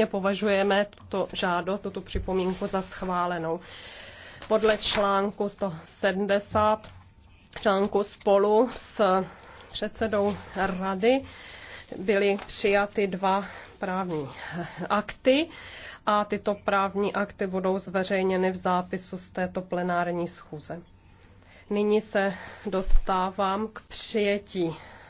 vlastně považujeme tuto žádost, tuto připomínku za schválenou. Podle článku 170 článku spolu s předsedou rady byly přijaty dva právní akty a tyto právní akty budou zveřejněny v zápisu z této plenární schůze. Nyní se dostávám k přijetí